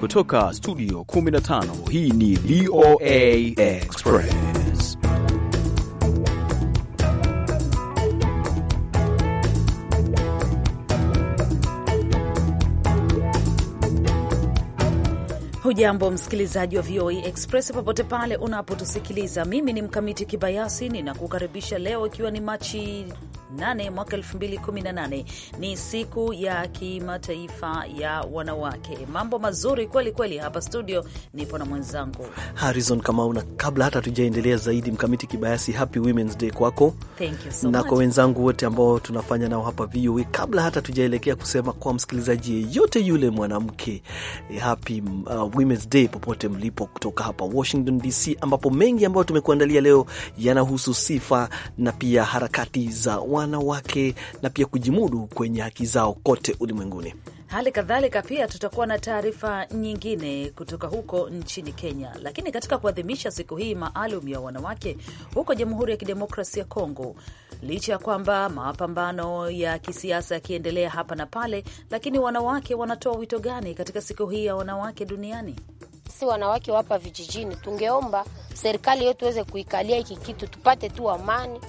Kutoka studio 15 hii ni VOA Express. Hujambo msikilizaji wa VOA Express popote pale unapotusikiliza. Mimi ni Mkamiti Kibayasi ninakukaribisha leo, ikiwa ni Machi 8 mwaka 2018 ni siku ya kimataifa ya wanawake. Mambo mazuri kweli kweli, hapa studio nipo na mwenzangu Harrison Kamau, na kabla hata tujaendelea zaidi, mkamiti kibayasi, happy women's day kwako. Thank you so na kwa wenzangu wote ambao tunafanya nao hapa VOA, kabla hata tujaelekea kusema kwa msikilizaji yeyote yule mwanamke, eh, happy uh, women's day popote mlipo, kutoka hapa Washington DC, ambapo mengi ambayo tumekuandalia leo yanahusu sifa na pia harakati za wanawake na pia kujimudu kwenye haki zao kote ulimwenguni. Hali kadhalika pia tutakuwa na taarifa nyingine kutoka huko nchini Kenya. Lakini katika kuadhimisha siku hii maalum ya wanawake huko Jamhuri ya Kidemokrasia ya Kongo, licha ya kwamba mapambano ya kisiasa yakiendelea hapa na pale, lakini wanawake wanatoa wito gani katika siku hii ya wanawake duniani? Si wanawake wapa vijijini, tungeomba serikali yetu iweze kuikalia hiki kitu, tupate tu amani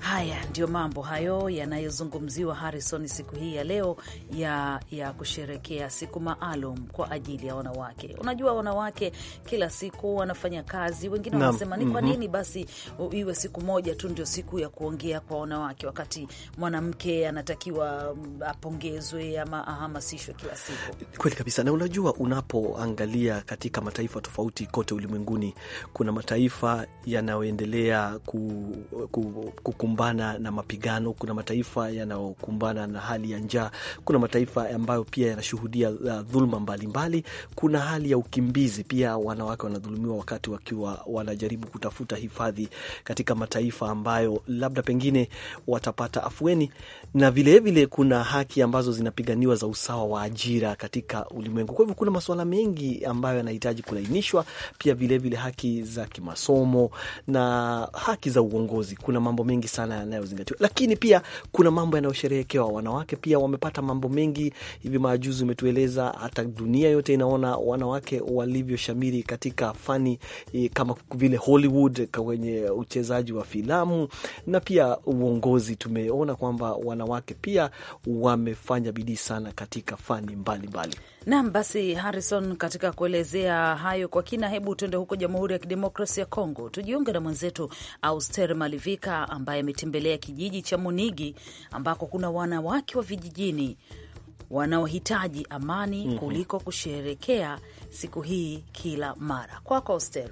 Haya ndio mambo hayo yanayozungumziwa Harrison, siku hii ya leo ya, ya kusherekea siku maalum kwa ajili ya wanawake. Unajua wanawake kila siku wanafanya kazi, wengine wanasema ni kwa mhm. nini basi iwe siku moja tu ndio siku ya kuongea kwa wanawake, wakati mwanamke anatakiwa mm, apongezwe ama ahamasishwe kila siku. Kweli kabisa. Na unajua unapoangalia katika mataifa tofauti kote ulimwenguni, kuna mataifa yanayoendelea ku, ku, ku, ku yanayokumbana na mapigano, kuna mataifa yanayokumbana na hali ya njaa, kuna mataifa ambayo pia yanashuhudia uh, dhuluma mbalimbali, kuna hali ya ukimbizi pia, wanawake wanadhulumiwa wakati wakiwa wanajaribu kutafuta hifadhi katika mataifa ambayo labda pengine watapata afueni, na vilevile vile kuna haki ambazo zinapiganiwa za usawa wa ajira katika ulimwengu. Kwa hivyo kuna masuala mengi ambayo yanahitaji kulainishwa, pia vilevile vile haki za kimasomo na haki za uongozi. Kuna mambo mengi sana yanayozingatiwa, lakini pia kuna mambo yanayosherehekewa. Wanawake pia wamepata mambo mengi hivi majuzi, umetueleza hata dunia yote inaona wanawake walivyoshamiri katika fani eh, kama vile Hollywood kwenye uchezaji wa filamu na pia uongozi. Tumeona kwamba wanawake pia wamefanya bidii sana katika fani mbalimbali mbali. Nam basi, Harrison, katika kuelezea hayo kwa kina, hebu tuende huko Jamhuri ya Kidemokrasia ya Kongo, tujiunge na mwenzetu Auster Malivika ambaye ametembelea kijiji cha Munigi ambako kuna wanawake wa vijijini wanaohitaji amani mhm. kuliko kusherekea siku hii kila mara. Kwako Auster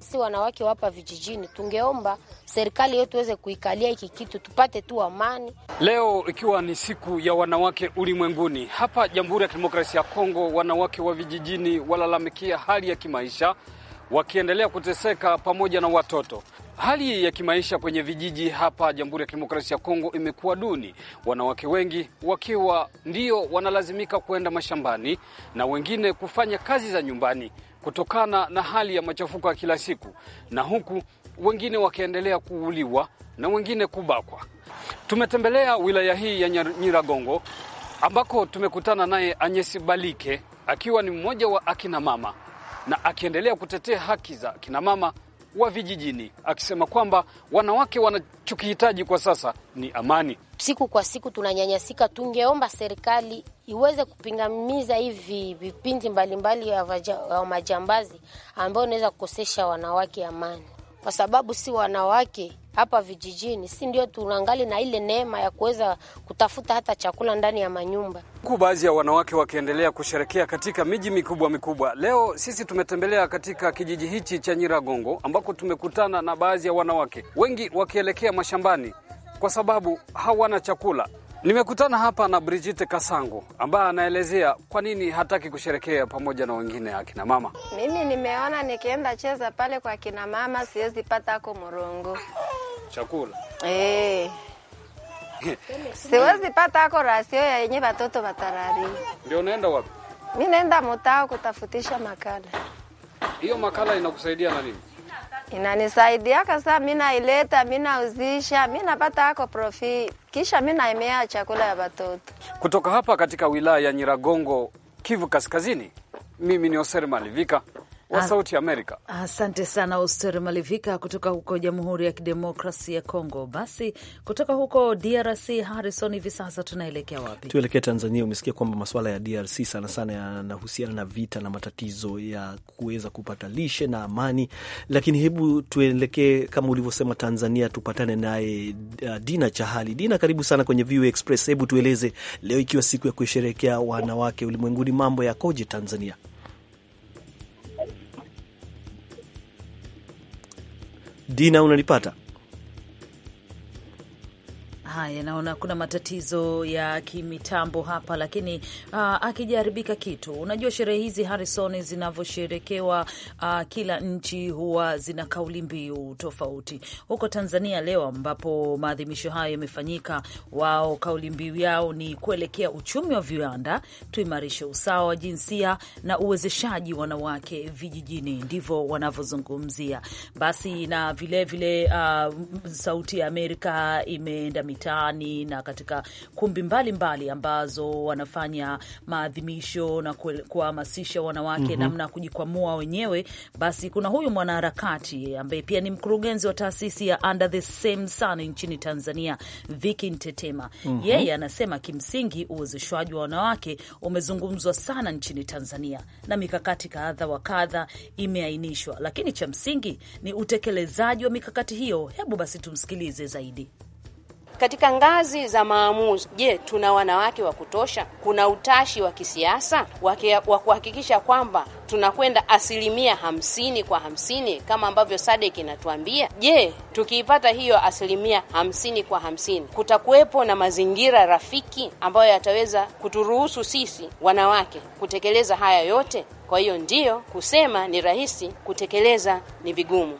si wanawake wapa vijijini, tungeomba serikali yetu iweze kuikalia hiki kitu tupate tu amani. Leo ikiwa ni siku ya wanawake ulimwenguni, hapa Jamhuri ya Kidemokrasia ya Kongo, wanawake wa vijijini walalamikia hali ya kimaisha wakiendelea kuteseka pamoja na watoto. Hali ya kimaisha kwenye vijiji hapa Jamhuri ya Kidemokrasia ya Kongo imekuwa duni, wanawake wengi wakiwa ndio wanalazimika kuenda mashambani na wengine kufanya kazi za nyumbani kutokana na hali ya machafuko ya kila siku, na huku wengine wakiendelea kuuliwa na wengine kubakwa. Tumetembelea wilaya hii ya Nyiragongo ambako tumekutana naye Anyesi Balike akiwa ni mmoja wa akina mama na akiendelea kutetea haki za akina mama wa vijijini, akisema kwamba wanawake wanachokihitaji kwa sasa ni amani siku kwa siku tunanyanyasika. Tungeomba serikali iweze kupingamiza hivi vipindi mbalimbali ya majambazi ambayo inaweza kukosesha wanawake amani, kwa sababu si wanawake hapa vijijini, si ndio tunangali na ile neema ya kuweza kutafuta hata chakula ndani ya manyumba, huku baadhi ya wanawake wakiendelea kusherekea katika miji mikubwa mikubwa. Leo sisi tumetembelea katika kijiji hichi cha Nyiragongo ambako tumekutana na baadhi ya wanawake wengi wakielekea mashambani kwa sababu hawana chakula. Nimekutana hapa na Brigitte Kasangu ambaye anaelezea kwa nini hataki kusherekea pamoja na wengine akina mama. Mimi nimeona nikienda cheza pale kwa akina mama siwezi pata ako morongo chakula e. siwezi pata ako rasio ya yenye watoto watarari. Ndio unaenda wapi? Mi naenda mutao kutafutisha makala. Hiyo makala inakusaidia na nini? inanisaidia kasa, mi naileta mi nauzisha mi ako profi, kisha mi chakula ya watoto. Kutoka hapa katika wilaya ya Nyiragongo, Kivu Kaskazini, mimi ni Oser Malivika wa ah, Sauti Amerika. Asante sana oster Malivika kutoka huko Jamhuri ya Kidemokrasi ya Kongo. Basi kutoka huko DRC, Harrison, hivi sasa tunaelekea wapi? Tuelekee Tanzania. Umesikia kwamba masuala ya DRC sana sana yanahusiana na vita na matatizo ya kuweza kupata lishe na amani, lakini hebu tuelekee kama ulivyosema Tanzania, tupatane naye uh, Dina Chahali. Dina, karibu sana kwenye VOA Express. Hebu tueleze leo, ikiwa siku ya kusherekea wanawake ulimwenguni, mambo yakoje Tanzania? Dina, unalipata Haya, naona kuna matatizo ya kimitambo hapa, lakini uh, akijaribika kitu. Unajua sherehe hizi Harrison, zinavyosherekewa uh, kila nchi huwa zina kauli mbiu tofauti. Huko Tanzania leo ambapo maadhimisho hayo yamefanyika, wao kauli mbiu yao ni kuelekea uchumi wa viwanda, tuimarishe usawa wa jinsia na uwezeshaji wanawake vijijini, ndivyo wanavyozungumzia. Basi na vilevile vile, uh, Sauti ya Amerika imeenda mitaa mitaani na katika kumbi mbalimbali mbali ambazo wanafanya maadhimisho na kuwahamasisha wanawake mm -hmm. namna ya kujikwamua wenyewe, basi kuna huyu mwanaharakati ambaye pia ni mkurugenzi wa taasisi ya Under the Same Sun nchini Tanzania, Viki Ntetema mm -hmm. yeye anasema kimsingi uwezeshwaji wa wanawake umezungumzwa sana nchini Tanzania na mikakati kadha wa kadha imeainishwa, lakini cha msingi ni utekelezaji wa mikakati hiyo. Hebu basi tumsikilize zaidi katika ngazi za maamuzi. Je, tuna wanawake wa kutosha? Kuna utashi wa kisiasa wa kuhakikisha kwamba tunakwenda asilimia hamsini kwa hamsini kama ambavyo Sadek inatuambia? Je, tukiipata hiyo asilimia hamsini kwa hamsini kutakuwepo na mazingira rafiki ambayo yataweza kuturuhusu sisi wanawake kutekeleza haya yote? Kwa hiyo ndiyo kusema ni rahisi, kutekeleza ni vigumu.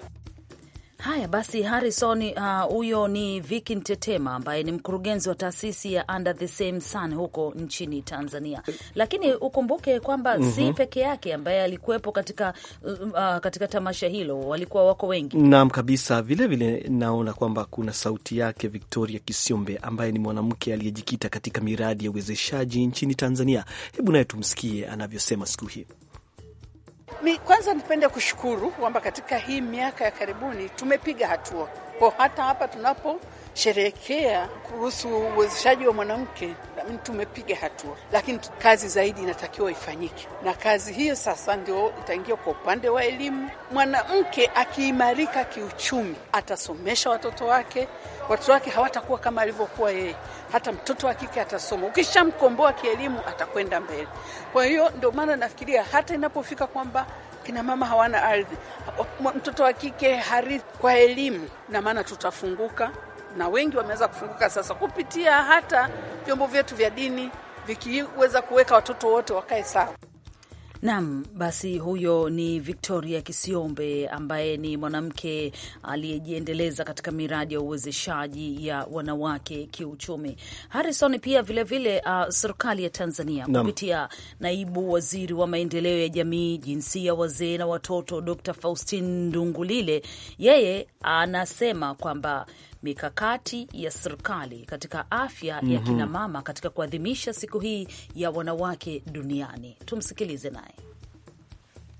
Haya basi, Harrison uh, huyo, uh, ni Viki Ntetema ambaye ni mkurugenzi wa taasisi ya Under the Same Sun huko nchini Tanzania. Lakini ukumbuke kwamba mm -hmm. si mhm. peke yake ambaye alikuwepo katika, uh, uh, katika tamasha hilo, walikuwa wako wengi. Naam kabisa. Vilevile vile naona kwamba kuna sauti yake Victoria Kisiombe ambaye ni mwanamke aliyejikita katika miradi ya uwezeshaji nchini Tanzania. Hebu naye tumsikie anavyosema siku hii. Mi, kwanza nipende kushukuru kwamba katika hii miaka ya karibuni tumepiga hatua kwa hata hapa tunaposherehekea kuhusu uwezeshaji wa mwanamke tumepiga hatua, lakini kazi zaidi inatakiwa ifanyike, na kazi hiyo sasa ndio itaingia kwa upande wa elimu. Mwanamke akiimarika kiuchumi, atasomesha watoto wake, watoto wake hawatakuwa kama alivyokuwa yeye. Hata mtoto wa kike atasoma, ukishamkomboa kielimu atakwenda mbele. Kwa hiyo ndio maana nafikiria hata inapofika kwamba kina mama hawana ardhi, mtoto wa kike harithi kwa elimu, na maana tutafunguka, na wengi wameweza kufunguka sasa kupitia hata vyombo vyetu vya dini vikiweza kuweka watoto wote wakae sawa. Naam, basi huyo ni Victoria Kisiombe ambaye ni mwanamke aliyejiendeleza katika miradi ya uwezeshaji ya wanawake kiuchumi. Harrison, pia vilevile vile, uh, serikali ya Tanzania Naam. kupitia naibu waziri wa maendeleo ya jamii, jinsia, wazee na watoto Dr. Faustin Ndungulile, yeye anasema kwamba mikakati ya serikali katika afya mm -hmm. ya mhm. kinamama katika kuadhimisha siku hii ya wanawake duniani. Tumsikilize naye.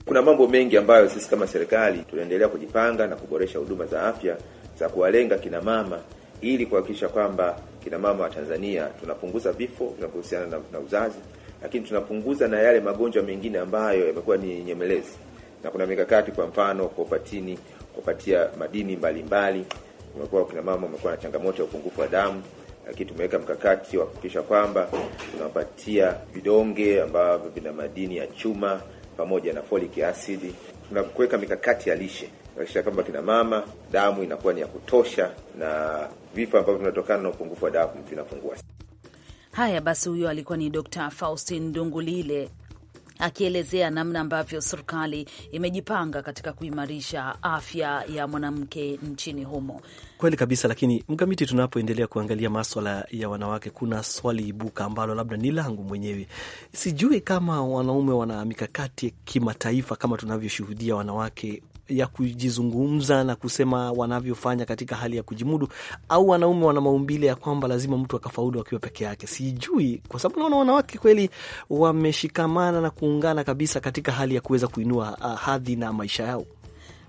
Kuna mambo mengi ambayo sisi kama serikali tunaendelea kujipanga na kuboresha huduma za afya za kuwalenga kinamama ili kuhakikisha kwamba kinamama wa Tanzania tunapunguza vifo vinavyohusiana na, na uzazi, lakini tunapunguza na yale magonjwa mengine ambayo yamekuwa ni nyemelezi, na kuna mikakati, kwa mfano kupatini kupatia madini mbalimbali mbali umekuwa kina mama wamekuwa na changamoto ya upungufu wa damu, lakini tumeweka mkakati wa kuhakikisha kwamba tunawapatia vidonge ambavyo vina madini ya chuma pamoja na folic acid. Tunakuweka mikakati ya lishe kuhakikisha kwamba kina mama damu inakuwa ni ya kutosha na vifo ambavyo vinatokana na upungufu wa damu vinapungua. Haya basi, huyo alikuwa ni Dr. Faustin Ndungulile akielezea namna ambavyo serikali imejipanga katika kuimarisha afya ya mwanamke nchini humo. Kweli kabisa, lakini mkamiti, tunapoendelea kuangalia maswala ya wanawake, kuna swali ibuka ambalo labda ni langu mwenyewe. Sijui kama wanaume wana mikakati kimataifa kama tunavyoshuhudia wanawake ya kujizungumza na kusema wanavyofanya katika hali ya kujimudu, au wanaume wana maumbile ya kwamba lazima mtu akafaulu akiwa peke yake? Sijui, kwa sababu naona wanawake kweli wameshikamana na kuungana kabisa katika hali ya kuweza kuinua uh, hadhi na maisha yao.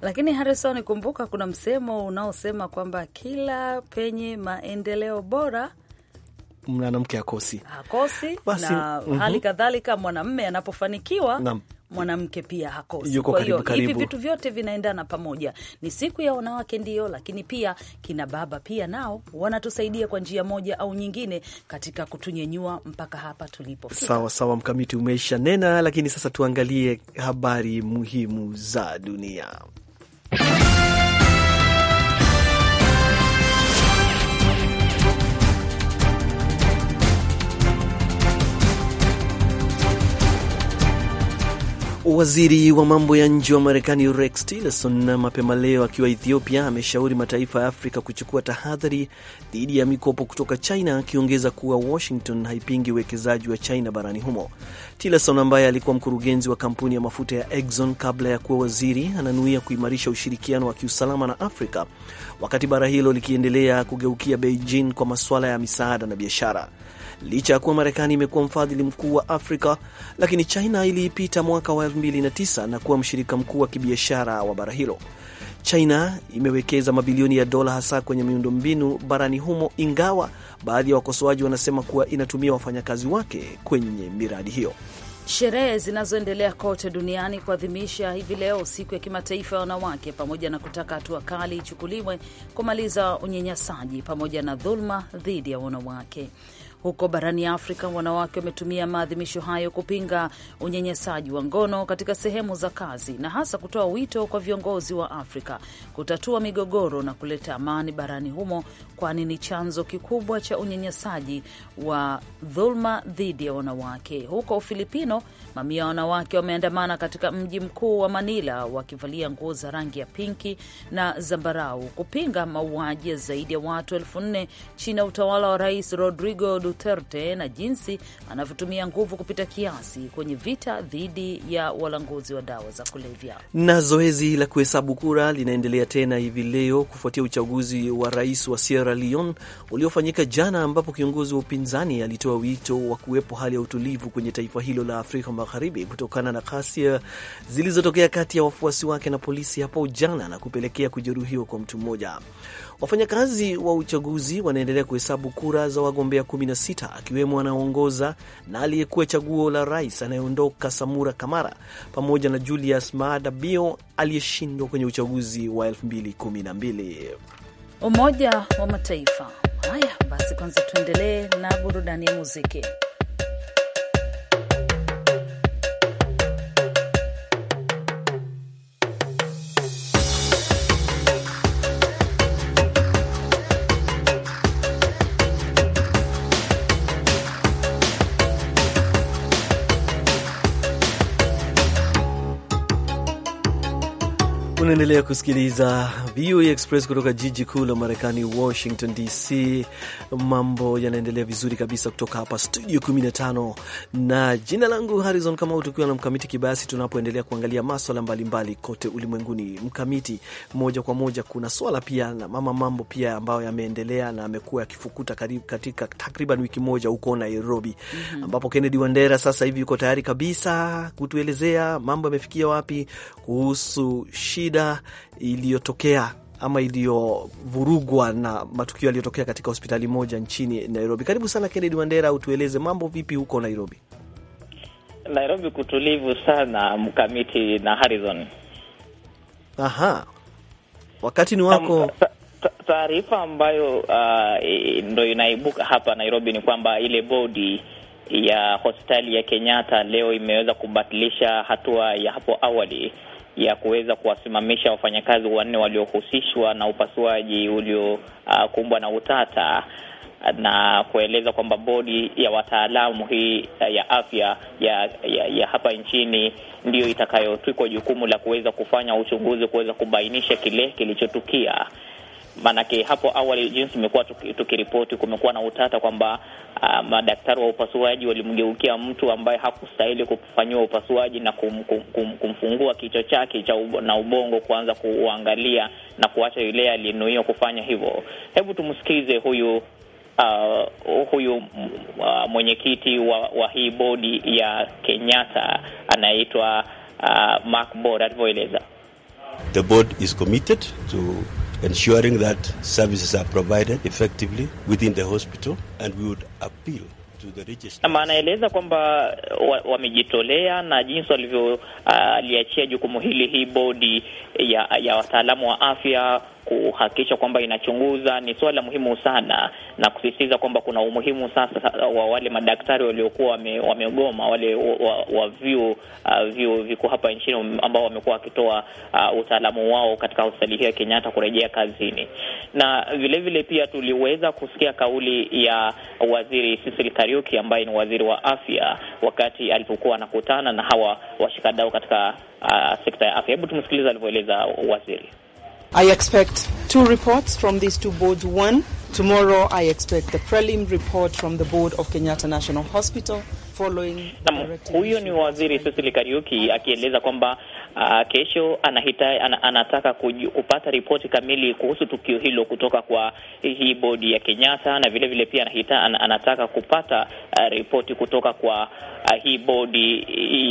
Lakini Harrison, kumbuka kuna msemo unaosema kwamba kila penye maendeleo bora mwanamke akosi hakosi basi, na mm -hmm. hali kadhalika mwanamme anapofanikiwa na mwanamke pia hakosi. Kwa hiyo hivi vitu vyote vinaendana pamoja. Ni siku ya wanawake ndio, lakini pia kina baba pia nao wanatusaidia kwa njia moja au nyingine katika kutunyenyua mpaka hapa tulipo. Sawa sawa, Mkamiti umeisha nena, lakini sasa tuangalie habari muhimu za dunia. Waziri wa mambo ya nje wa Marekani Rex Tillerson mapema leo akiwa Ethiopia ameshauri mataifa ya Afrika kuchukua tahadhari dhidi ya mikopo kutoka China, akiongeza kuwa Washington haipingi uwekezaji wa China barani humo. Tillerson ambaye alikuwa mkurugenzi wa kampuni ya mafuta ya Exxon kabla ya kuwa waziri, ananuia kuimarisha ushirikiano wa kiusalama na Afrika wakati bara hilo likiendelea kugeukia Beijing kwa masuala ya misaada na biashara. Licha ya kuwa Marekani imekuwa mfadhili mkuu wa Afrika, lakini China iliipita mwaka wa 2009 na kuwa mshirika mkuu wa kibiashara wa bara hilo. China imewekeza mabilioni ya dola hasa kwenye miundombinu barani humo, ingawa baadhi ya wakosoaji wanasema kuwa inatumia wafanyakazi wake kwenye miradi hiyo. Sherehe zinazoendelea kote duniani kuadhimisha hivi leo siku ya kimataifa ya wanawake, pamoja na kutaka hatua kali ichukuliwe kumaliza unyanyasaji pamoja na dhuluma dhidi ya wanawake. Huko barani Afrika, wanawake wametumia maadhimisho hayo kupinga unyanyasaji wa ngono katika sehemu za kazi na hasa kutoa wito kwa viongozi wa Afrika kutatua migogoro na kuleta amani barani humo, kwani ni chanzo kikubwa cha unyanyasaji wa dhuluma dhidi ya wanawake. Huko Ufilipino, mamia ya wanawake wameandamana katika mji mkuu wa Manila wakivalia nguo za rangi ya pinki na zambarau kupinga mauaji ya zaidi ya watu elfu nne chini ya utawala wa Rais Rodrigo Duterte na jinsi anavyotumia nguvu kupita kiasi kwenye vita dhidi ya walanguzi wa dawa za kulevya. Na zoezi la kuhesabu kura linaendelea tena hivi leo kufuatia uchaguzi wa rais wa Sierra Leone uliofanyika jana, ambapo kiongozi wa upinzani alitoa wito wa kuwepo hali ya utulivu kwenye taifa hilo la Afrika Magharibi kutokana na ghasia zilizotokea kati ya wafuasi wake na polisi hapo jana na kupelekea kujeruhiwa kwa mtu mmoja. Wafanyakazi wa uchaguzi wanaendelea kuhesabu kura za wagombea 16 akiwemo anaongoza na aliyekuwa chaguo la rais anayeondoka Samura Kamara pamoja na Julius Maada Bio aliyeshindwa kwenye uchaguzi wa 2012. Umoja wa Mataifa. Haya basi, kwanza tuendelee na burudani ya muziki. Unaendelea kusikiliza VOA Express kutoka jiji kuu la Marekani, Washington DC. Mambo yanaendelea vizuri kabisa kutoka hapa studio 15, na jina langu Harrison Kamau, tukiwa na Mkamiti Kibayasi, tunapoendelea kuangalia maswala mbalimbali kote ulimwenguni. Mkamiti, moja kwa moja, kuna swala pia na mama mambo pia ambayo yameendelea na amekuwa yakifukuta katika takriban wiki moja huko Nairobi, mm -hmm. ambapo Kennedy Wandera sasa hivi yuko tayari kabisa kutuelezea mambo yamefikia wapi kuhusu shida shida iliyotokea ama iliyovurugwa na matukio yaliyotokea katika hospitali moja nchini Nairobi. Karibu sana Kennedy Wandera, utueleze mambo vipi huko Nairobi? Nairobi kutulivu sana mkamiti na Harrison. Aha, wakati ni wako. Taarifa ambayo uh, ndo inaibuka hapa Nairobi ni kwamba ile bodi ya hospitali ya Kenyatta leo imeweza kubatilisha hatua ya hapo awali ya kuweza kuwasimamisha wafanyakazi wanne waliohusishwa na upasuaji uliokumbwa uh, na utata na kueleza kwamba bodi ya wataalamu hii eh, ya afya ya, ya, ya hapa nchini ndiyo itakayotwikwa jukumu la kuweza kufanya uchunguzi, kuweza kubainisha kile kilichotukia Maanake hapo awali jinsi imekuwa tukiripoti, kumekuwa na utata kwamba uh, madaktari wa upasuaji walimgeukia mtu ambaye hakustahili kufanyiwa upasuaji na kum, kum, kum, kumfungua kichwa chake cha ubo, na ubongo kuanza kuangalia na kuacha yule aliyenuiwa kufanya hivyo. Hebu tumsikize huyu Uh, huyu uh, mwenyekiti wa, wa hii bodi ya Kenyatta anaitwa uh, Mark Bod alivyoeleza. The board is committed to ensuring that services are provided effectively within the hospital and we would appeal ama anaeleza kwamba uh, wamejitolea wa na jinsi walivyoliachia uh, jukumu hili hii bodi ya, ya wataalamu wa afya kuhakikisha kwamba inachunguza ni suala muhimu sana, na kusisitiza kwamba kuna umuhimu sasa wa wale madaktari waliokuwa wamegoma wale wa, wa vyuo uh, vikuu hapa nchini ambao wamekuwa wakitoa uh, utaalamu wao katika hospitali hiyo ya Kenyatta kurejea kazini. Na vilevile vile pia tuliweza kusikia kauli ya waziri Cecil Kariuki ambaye ni waziri wa afya wakati alipokuwa anakutana na hawa washikadau katika uh, sekta ya afya. Hebu tumsikilize alivyoeleza waziri. I expect two reports from these two boards. One, tomorrow I expect the prelim report from the board of Kenyatta National Hospital. Na huyu ni Waziri Cecily Kariuki akieleza kwamba uh, kesho anahita, an, anataka kupata ripoti kamili kuhusu tukio hilo kutoka kwa hii bodi ya Kenyatta na vile vile pia anahita, an, anataka kupata uh, ripoti kutoka kwa uh, hii bodi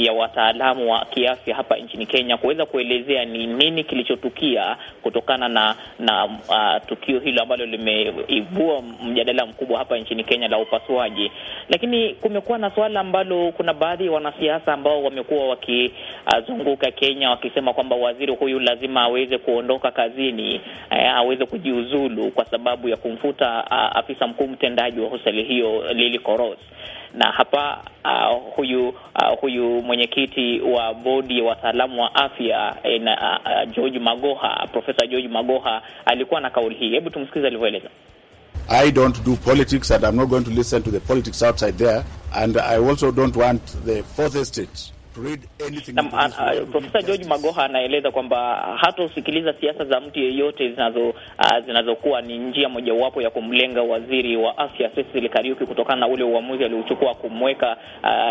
ya wataalamu wa kiafya hapa nchini Kenya kuweza kuelezea ni nini kilichotukia kutokana na na uh, tukio hilo ambalo limeibua mjadala mkubwa hapa nchini Kenya la upasuaji. Lakini kumekuwa na suala ambalo kuna baadhi ya wanasiasa ambao wamekuwa wakizunguka uh, Kenya wakisema kwamba waziri huyu lazima aweze kuondoka kazini, uh, aweze kujiuzulu kwa sababu ya kumfuta uh, afisa mkuu mtendaji wa hospitali hiyo Lily Koros na hapa uh, huyu uh, huyu mwenyekiti wa bodi ya wataalamu wa afya eh, na, uh, George Magoha, Profesa George Magoha alikuwa na kauli hii. Hebu tumsikize alivyoeleza. I don't do politics and I'm not going to listen to the politics outside there and I also don't want the fourth estate Ah, ah, Profesa George Magoha anaeleza kwamba hata usikiliza siasa za mtu yeyote zinazo ah, zinazokuwa ni njia mojawapo ya kumlenga waziri wa afya Cecily Kariuki kutokana na ule uamuzi aliochukua kumweka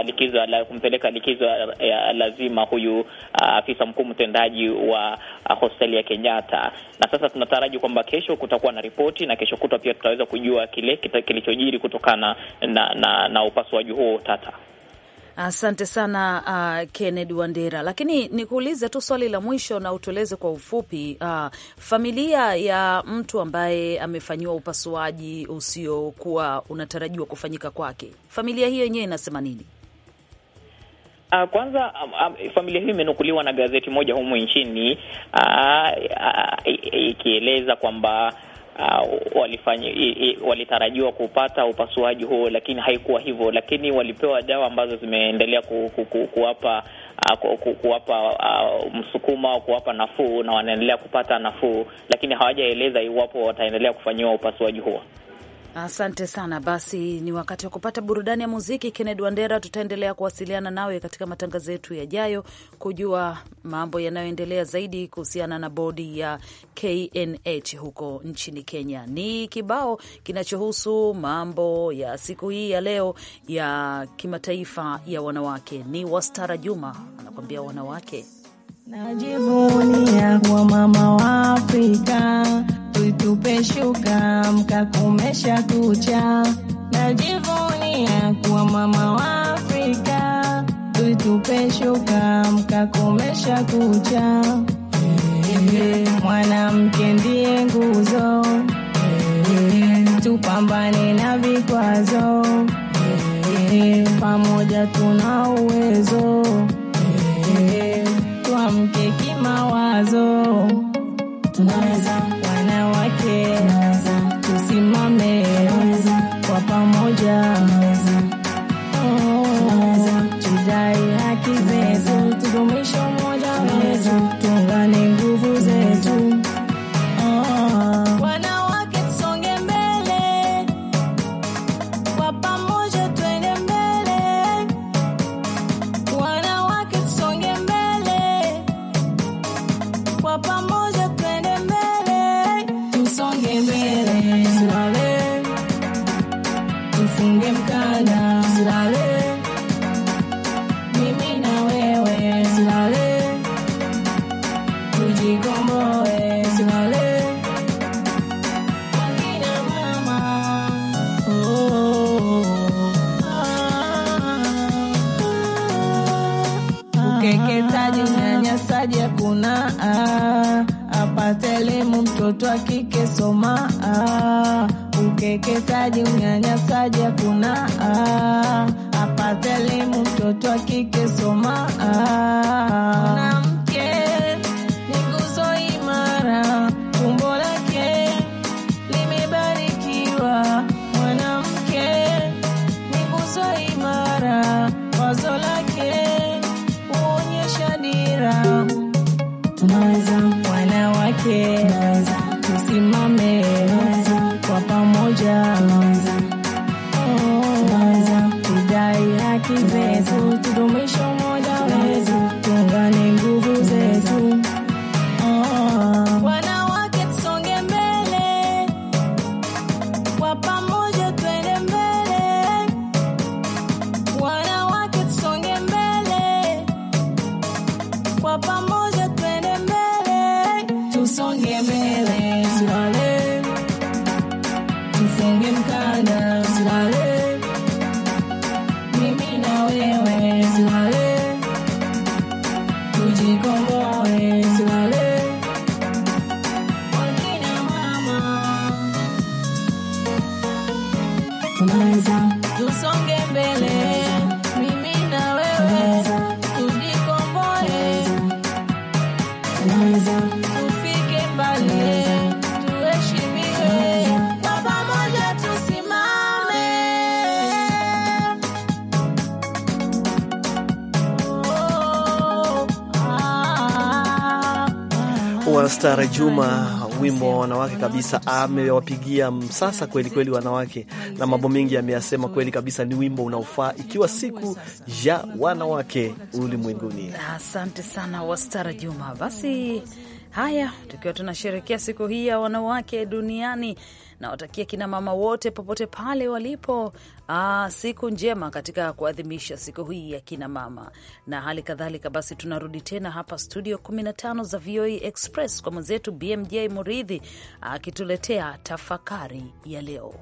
likizo la kumpeleka likizo ya lazima huyu afisa mkuu mtendaji wa hospitali ya Kenyatta. Na sasa tunataraji kwamba kesho kutakuwa na ripoti na kesho kutwa pia tutaweza kujua kile kilichojiri kutokana na, na, na upasuaji huo tata. Asante sana uh, Kennedy Wandera, lakini nikuulize tu swali la mwisho na utueleze kwa ufupi uh, familia ya mtu ambaye amefanyiwa upasuaji usiokuwa unatarajiwa kufanyika kwake, familia hiyo yenyewe inasema nini? Uh, kwanza um, um, familia hiyo imenukuliwa na gazeti moja humu nchini ikieleza uh, uh, kwamba Uh, walifanya walitarajiwa kupata upasuaji huo, lakini haikuwa hivyo, lakini walipewa dawa ambazo zimeendelea ku, ku, ku, kuwapa uh, kuwapa uh, msukuma au kuwapa nafuu, na wanaendelea kupata nafuu, lakini hawajaeleza iwapo wataendelea kufanyiwa upasuaji huo. Asante sana. Basi ni wakati wa kupata burudani ya muziki. Kennedy Wandera, tutaendelea kuwasiliana nawe katika matangazo yetu yajayo kujua mambo yanayoendelea zaidi kuhusiana na bodi ya KNH huko nchini Kenya. Ni kibao kinachohusu mambo ya siku hii ya leo ya kimataifa ya wanawake. Ni Wastara Juma anakuambia wanawake najivunia mama wa Afrika usitupe shuka, amka kumesha kucha. Najivunia kuwa mama wa Afrika, usitupe shuka, amka kumesha kucha. Mwanamke ndiye nguzo, tupambane na vikwazo, pamoja tuna uwezo, tuamke kimawazo, tunaweza tusingemkana, tusilale mimi na wewe, tusilale tujikomboe, tusilale akina mama oh, oh, oh. Ah, ah, ah, ukeketaji, unyanyasaji hakuna ah, apate elimu mtoto wa soma ah, ukeketaji, unyanyasaji hakuna ah, apate elimu mtoto akike soma ah. tufike mbali, tuheshimiwe na oh, ah, ah, ah. Juma wimbo wa wanawake kabisa, amewapigia msasa kweli kweli wanawake, na mambo mengi ameyasema kweli kabisa. Ni wimbo unaofaa ikiwa siku ya wanawake ulimwenguni. Asante sana Wastara Juma. Basi haya, tukiwa tunasherekea siku hii ya wanawake duniani Nawatakia kina mama wote popote pale walipo aa, ah, siku njema katika kuadhimisha siku hii ya kina mama, na hali kadhalika basi, tunarudi tena hapa studio 15 za VOA e Express kwa mwenzetu BMJ Muridhi akituletea tafakari ya leo.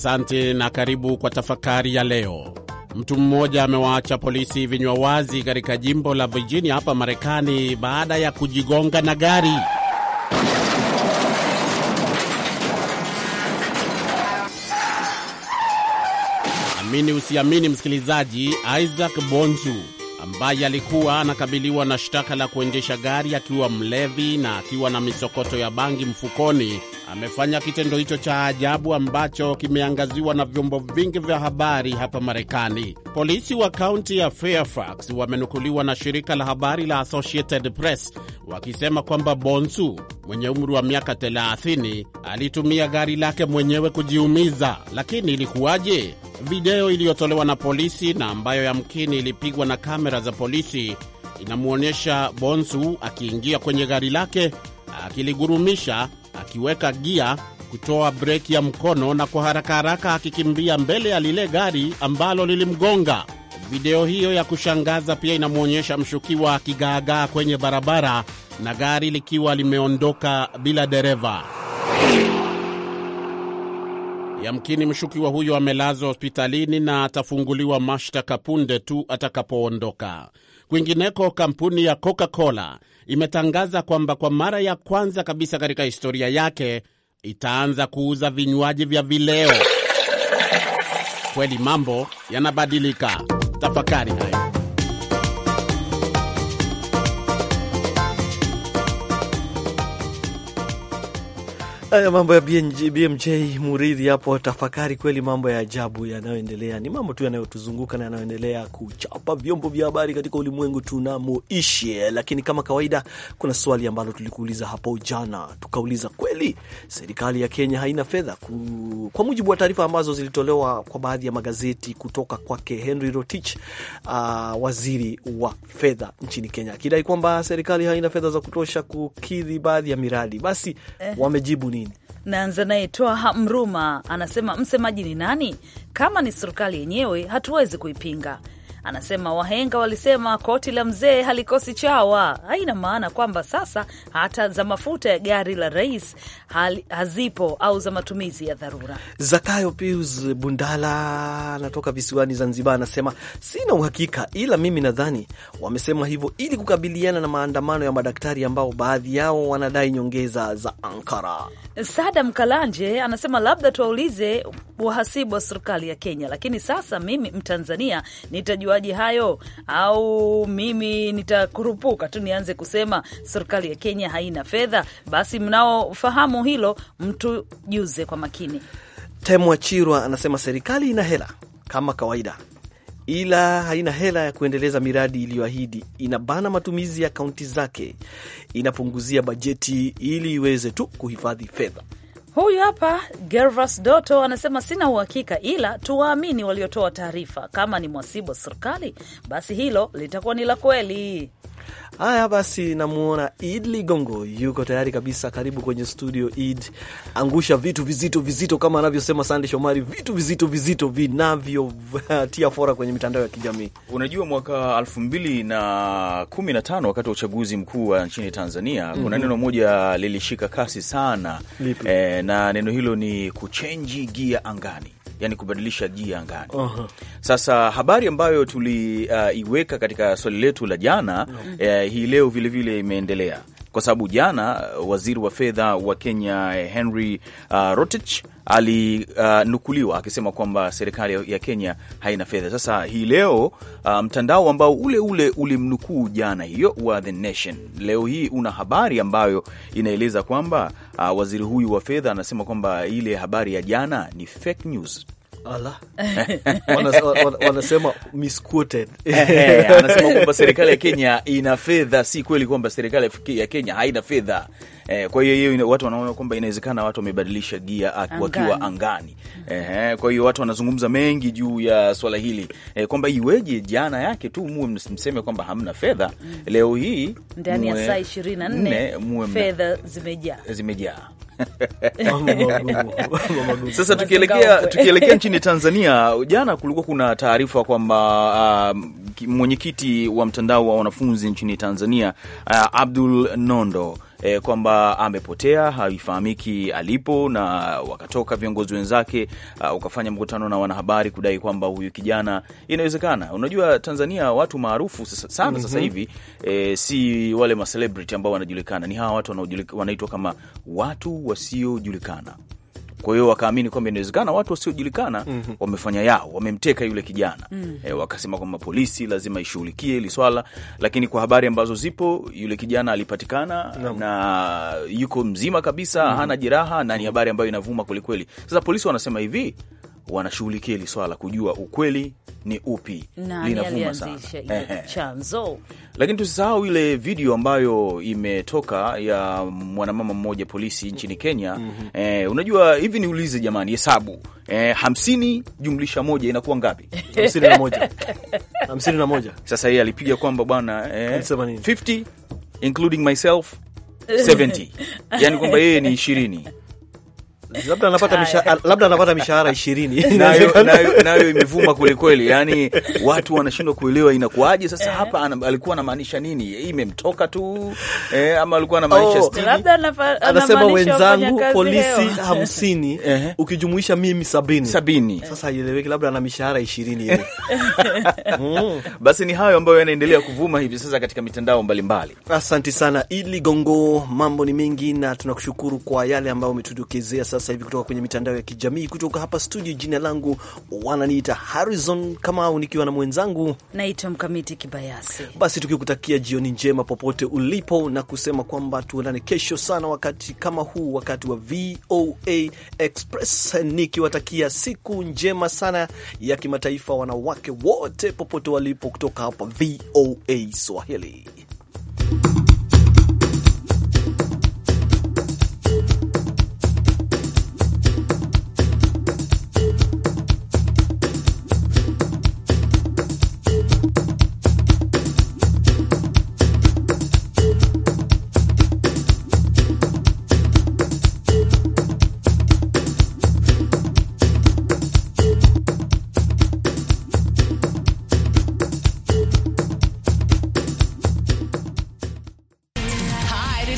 Asante na karibu kwa tafakari ya leo. Mtu mmoja amewaacha polisi vinywa wazi katika jimbo la Virginia hapa Marekani baada ya kujigonga na gari. Amini usiamini, msikilizaji, Isaac Bonzu ambaye alikuwa anakabiliwa na shtaka la kuendesha gari akiwa mlevi na akiwa na misokoto ya bangi mfukoni amefanya kitendo hicho cha ajabu ambacho kimeangaziwa na vyombo vingi vya habari hapa Marekani. Polisi wa kaunti ya Fairfax wamenukuliwa na shirika la habari la Associated Press wakisema kwamba Bonsu mwenye umri wa miaka 30 alitumia gari lake mwenyewe kujiumiza. Lakini ilikuwaje? Video iliyotolewa na polisi na ambayo yamkini ilipigwa na kamera za polisi inamwonyesha Bonsu akiingia kwenye gari lake akiligurumisha akiweka gia kutoa breki ya mkono na kwa haraka haraka akikimbia mbele ya lile gari ambalo lilimgonga. Video hiyo ya kushangaza pia inamwonyesha mshukiwa akigaagaa kwenye barabara na gari likiwa limeondoka bila dereva. Yamkini mshukiwa huyo amelazwa hospitalini na atafunguliwa mashtaka punde tu atakapoondoka. Kwingineko, kampuni ya Coca-Cola imetangaza kwamba kwa mara ya kwanza kabisa katika historia yake itaanza kuuza vinywaji vya vileo. Kweli mambo yanabadilika. Tafakari hayo. Haya mambo ya BMJ Muridhi hapo tafakari kweli, mambo ya ajabu yanayoendelea, ni mambo tu yanayotuzunguka na yanayoendelea kuchapa vyombo vya habari katika ulimwengu tunamoishi. Lakini kama kawaida, kuna swali ambalo tulikuuliza hapo jana, tukauliza kweli serikali ya Kenya haina fedha ku... kwa mujibu wa taarifa ambazo zilitolewa kwa baadhi ya magazeti kutoka kwake Henry Rotich, uh, waziri wa fedha nchini Kenya, akidai kwamba serikali haina fedha za kutosha kukidhi baadhi ya miradi. Basi eh. wamejibu ni Naanza naye Twaha Mruma anasema msemaji ni nani? Kama ni serikali yenyewe hatuwezi kuipinga, Anasema wahenga walisema koti la mzee halikosi chawa. Haina maana kwamba sasa hata za mafuta ya gari la rais hazipo au za matumizi ya dharura. Zakayo Pius Bundala anatoka visiwani Zanzibar, anasema sina uhakika, ila mimi nadhani wamesema hivyo ili kukabiliana na maandamano ya madaktari ambao baadhi yao wanadai nyongeza za Ankara. Sadam Kalanje anasema labda tuwaulize wahasibu wa serikali ya Kenya, lakini sasa mimi Mtanzania nitajua unajuaje hayo, au mimi nitakurupuka tu nianze kusema serikali ya Kenya haina fedha? Basi mnaofahamu hilo mtujuze kwa makini. Temwa Chirwa anasema serikali ina hela kama kawaida, ila haina hela ya kuendeleza miradi iliyoahidi. Inabana matumizi ya kaunti zake, inapunguzia bajeti ili iweze tu kuhifadhi fedha. Huyu hapa Gervas Doto anasema sina uhakika, ila tuwaamini waliotoa taarifa. Kama ni mwasibu wa serikali, basi hilo litakuwa ni la kweli. Haya basi, namwona Id Ligongo yuko tayari kabisa. Karibu kwenye studio Id, angusha vitu vizito vizito, kama anavyosema Sande Shomari, vitu vizito vizito vinavyotia fora kwenye mitandao ya kijamii. Unajua, mwaka elfu mbili na kumi na tano wakati wa uchaguzi mkuu wa nchini Tanzania mm -hmm. kuna mhm. neno moja lilishika kasi sana eh, na neno hilo ni kuchenji gia angani yani kubadilisha jia angani. uh -huh. Sasa habari ambayo tuliiweka uh, katika swali letu la jana uh -huh. eh, hii leo vilevile imeendelea vile kwa sababu jana uh, waziri wa fedha wa Kenya eh, Henry uh, Rotich alinukuliwa uh, akisema kwamba serikali ya Kenya haina fedha. Sasa hii leo uh, mtandao ambao ule ule ulimnukuu jana hiyo wa The Nation leo hii una habari ambayo inaeleza kwamba uh, waziri huyu wa fedha anasema kwamba ile habari ya jana ni fake news. wanasema misquoted. Anasema kwamba serikali ya Kenya ina fedha. Si kweli kwamba serikali ya Kenya haina fedha. Eh, kwa hiyo hiyo watu wanaona kwamba inawezekana watu wamebadilisha gia wakiwa angani. kwa hiyo watu wanazungumza mengi juu ya swala hili eh, kwamba iweje jana yake tu muwe mseme kwamba hamna fedha, mm. leo hii ndani ya saa 24 fedha zimejaa zimejaa. Sasa tukielekea tukielekea nchini Tanzania, jana kulikuwa kuna taarifa kwamba uh, mwenyekiti wa mtandao wa wanafunzi nchini Tanzania uh, Abdul Nondo eh, kwamba amepotea, haifahamiki alipo, na wakatoka viongozi wenzake uh, ukafanya mkutano na wanahabari kudai kwamba huyu kijana, inawezekana. Unajua Tanzania watu maarufu sana mm -hmm. Sasa mhm. hivi eh, si wale ma ambao wanajulikana, ni hawa watu wanaitwa kama watu wasiojulikana kwa hiyo wakaamini kwamba inawezekana watu wasiojulikana mm -hmm. wamefanya yao, wamemteka yule kijana mm. E, wakasema kwamba polisi lazima ishughulikie hili swala, lakini kwa habari ambazo zipo, yule kijana alipatikana no. na yuko mzima kabisa mm -hmm. hana jeraha na ni mm. habari ambayo inavuma kwelikweli. Sasa polisi wanasema hivi wanashughulikia hili swala kujua ukweli ni upi, linavuma sana chanzo. Lakini tusisahau ile video ambayo imetoka ya mwanamama mmoja polisi nchini Kenya. mm -hmm. Eh, unajua hivi, niulize jamani, hesabu eh, hamsini jumlisha moja inakuwa ngapi? hamsini na moja. hamsini na moja. Sasa yeye alipiga kwamba bwana eh, 50 including myself 70 yani kwamba yeye ni ishirini labda anapata mishahara, labda anapata mishahara ishirini nayo imevuma kwelikweli. Yani watu wanashindwa kuelewa inakuwaje sasa. Eh. Hapa alikuwa anamaanisha nini? Imemtoka tu eh, ama alikuwa anamaanisha oh, anasema wenzangu polisi hamsini ukijumuisha mimi sabini sabini. Sasa haieleweki, labda ana mishahara ishirini mm. Basi ni hayo ambayo yanaendelea kuvuma hivi sasa katika mitandao mbalimbali. Asante sana Ili Gongo, mambo ni mengi na tunakushukuru kwa yale ambayo umetudokezea sasa sasa hivi kutoka kwenye mitandao ya kijamii. Kutoka hapa studio, jina langu wananiita Harrison Kamau, nikiwa na mwenzangu naitwa Mkamiti Kibayasi. Basi tukikutakia jioni njema popote ulipo, na kusema kwamba tuonane kesho sana wakati kama huu, wakati wa VOA Express, nikiwatakia siku njema sana ya kimataifa wanawake wote popote walipo, kutoka hapa VOA Swahili.